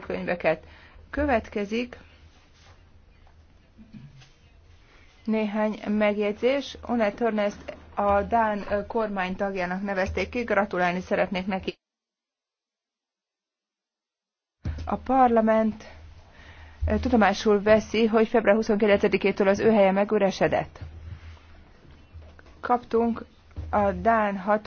könyveket. Következik néhány megjegyzés. One Törneszt a Dán kormány tagjának nevezték ki, gratulálni szeretnék neki. A parlament tudomásul veszi, hogy február 29-től az ő helye megüresedett. Kaptunk a Dán hatos